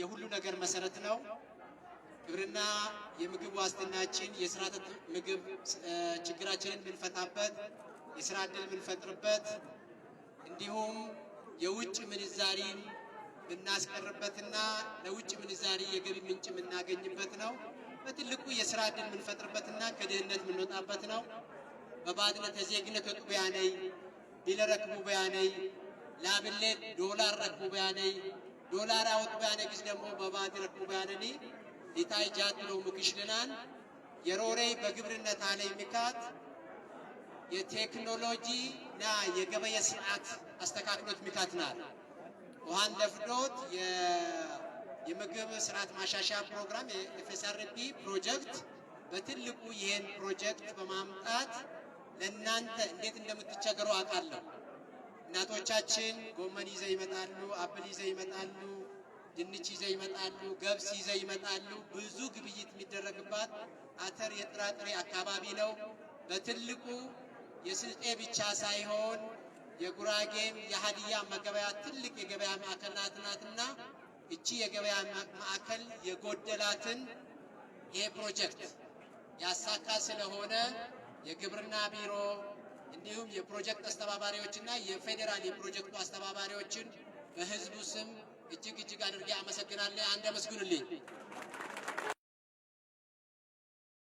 የሁሉ ነገር መሰረት ነው። ግብርና የምግብ ዋስትናችን፣ የስርዓተ ምግብ ችግራችንን የምንፈታበት፣ የስራ ዕድል የምንፈጥርበት እንዲሁም የውጭ ምንዛሪ የምናስቀርበትና ለውጭ ምንዛሪ የገቢ ምንጭ የምናገኝበት ነው። በትልቁ የስራ ዕድል የምንፈጥርበትና ከድህነት የምንወጣበት ነው። በባድነ ዜግነት ወጡ በያነይ ቢለረክቡ በያነይ ዶላር ረክቡ ቢያነይ ዶላር አውጥ አወጥ ጊዜ ደግሞ በባድረኩ ባነኒ ሊታይ ነው ምክሽልናን የሮሬ በግብርነት አለ የሚካት የቴክኖሎጂ ና የገበየ ስርዓት አስተካክሎት ሚካት ናል ውሃን ለፍዶት የምግብ ስርዓት ማሻሻያ ፕሮግራም የኤፍኤስአርፒ ፕሮጀክት በትልቁ ይሄን ፕሮጀክት በማምጣት ለእናንተ እንዴት እንደምትቸገሩ አውቃለሁ። እናቶቻችን ጎመን ይዘው ይመጣሉ፣ አፕል ይዘው ይመጣሉ፣ ድንች ይዘው ይመጣሉ፣ ገብስ ይዘው ይመጣሉ። ብዙ ግብይት የሚደረግባት አተር የጥራጥሬ አካባቢ ነው። በትልቁ የስልጤ ብቻ ሳይሆን የጉራጌም የሀዲያ መገበያ ትልቅ የገበያ ማዕከል ናትናትና እቺ የገበያ ማዕከል የጎደላትን ይሄ ፕሮጀክት ያሳካ ስለሆነ የግብርና ቢሮ እንዲሁም የፕሮጀክት አስተባባሪዎችና የፌዴራል የፕሮጀክቱ አስተባባሪዎችን በህዝቡ ስም እጅግ እጅግ አድርጌ አመሰግናለሁ። አንድ አመስግኑልኝ።